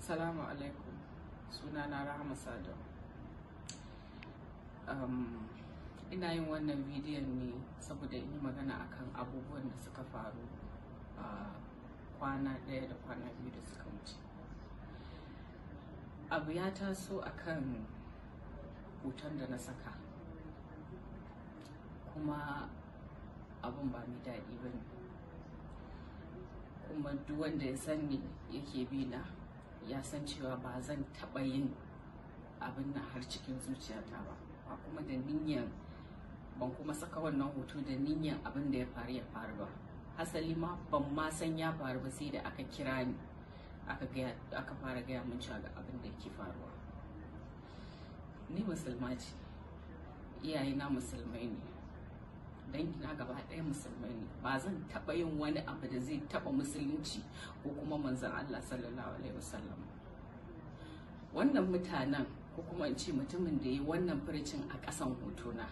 Salamu alaikum suna na Rahama Sadau. Um, ina yin wannan bidiyon ne saboda yi magana akan abubuwan da suka faru a kwana ɗaya da kwana biyu da suka wuce. Abu ya taso akan hoton da na saka kuma abun ba mai daɗi ba ne kuma duk wanda ya sani yake bi na ya san cewa ba zan taɓa yin abin nan har cikin zuciyata ba ba kuma da niyyar ban kuma saka wannan hoto da niyyar abin da ya faru ya faru ba hasali ma ban ma san ya faru ba sai da aka kira ni aka fara gaya min cewa ga abin da yake faruwa ni musulma ce iyayena musulmai ne dangina gaba ɗaya musulmai ne ba zan taɓa yin wani abu da zai taɓa musulunci ko kuma manzan Allah sallallahu alaihi wasallam wannan mutanen ko kuma in ce mutumin da ya wannan furcin a ƙasan hotuna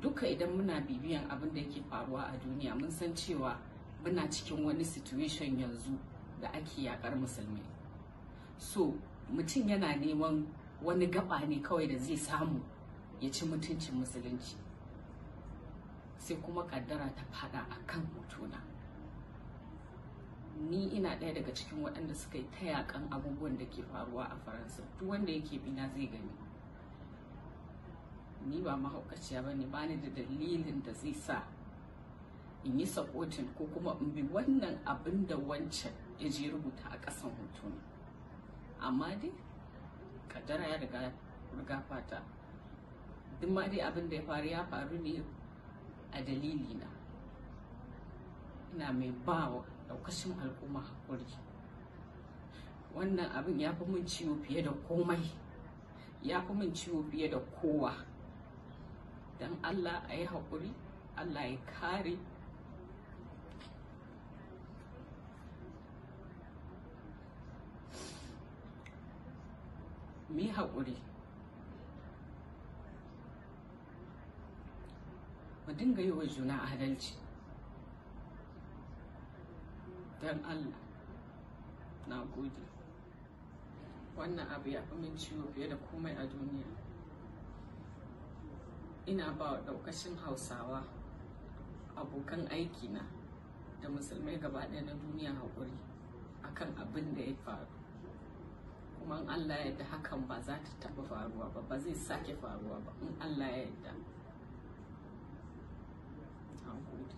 duka idan muna bibiyan abin da yake faruwa a duniya mun san cewa muna cikin wani situation yanzu da ake yakar musulmai so mutum yana neman wani gaba ne kawai da zai samu ya ci mutuncin musulunci sai kuma kaddara ta fada a kan hotuna ni ina ɗaya daga cikin waɗanda suka yi ta yakan abubuwan da ke faruwa a faransa duk wanda yake bina zai gani ni ba mahaukaciya ba ne bani da dalilin da zai sa in yi sakotin ko kuma in bi wannan abin da wancan ya je rubuta a kasan hotuna amma dai kaddara ya riga fata duk ma dai abin da ya faru ya faru ne a dalilina ina mai bawa daukashin al'umma hakuri wannan abin ya fi min ciwo fiye da komai ya fi min ciwo fiye da kowa don allah a yi haƙuri allah ya kare mu yi haƙuri mu dinga yi wa juna adalci don allah na gode wannan abu ya fi min ciwo fiye da komai a duniya ina ba wa daukashin hausawa abokan aiki na, da musulmai gaba ɗaya na duniya haƙuri a kan abin da ya faru kuma in allah ya yadda hakan ba za ta taɓa faruwa ba ba zai sake faruwa ba in allah ya yadda. 长壶体